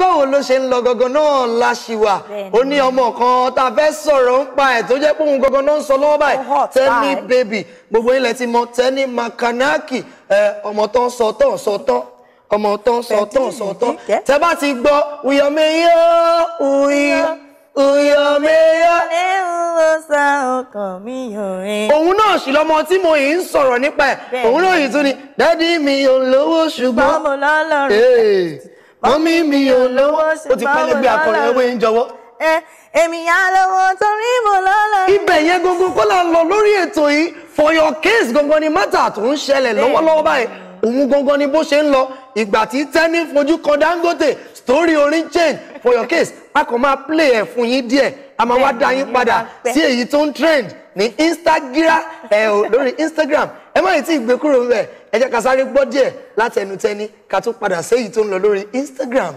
báwo ló ṣe ń lọ gangan náà la ṣì wà ó ní ọmọ kan tá a fẹ́ sọ̀rọ̀ ń pa ẹ̀ tó jẹ́ pé òun gangan náà ń sọ lọ́wọ́ báyìí Tẹ́ní baby gbogbo ilẹ̀ ti mọ Tẹ́ní Makanaki ọmọ tó ń sọ tó ń sọ tó ọmọ tó ń sọ tó ń sọ tó tẹ́ bá ti gbọ́ uyọ̀mẹ̀yọ́ uyọ̀ uyọ̀mẹ̀yọ́ sa ọkàn mi yàn ẹ́. òun náà sì lọmọ tí mo yìí ń sọ̀rọ̀ nípa ẹ̀ òun náà yìí tún ni dádì mi ò lówó ṣùgbọ́n. báwo lọ́lọ́run mọ́mí mi ò lówó ṣùgbọ́n mo lọ́lọ́. ó ti pẹ́ lẹ́gbẹ́ akọrin ẹwé ń jọ̀wọ́. ẹ èmi á lọ́wọ́ torí mo lọ́lọ́. ibẹ̀ yẹn gbogbo kó là ń lọ lórí ètò yìí for your case gangan ni mátà tó ń ṣẹlẹ̀ lọ́wọ́lọ́wọ́ báyìí òun gangan ni bó ṣe ń lọ ìgbà tí tẹ́ni fojú kan Dangote story orin change for your case a kò máa play ẹ̀ fún yín díẹ̀ a máa wá dá yín padà sí èyí tó ń trend ní instagram ẹ̀ lórí instagram ṣùgbọ́n èyí tí ìgbé kúrò ń bẹ̀ ẹ jẹ́ ká sáré gbọ́ díẹ̀ látẹnu ká tún padà séyìí tó ń lọ lórí Instagram.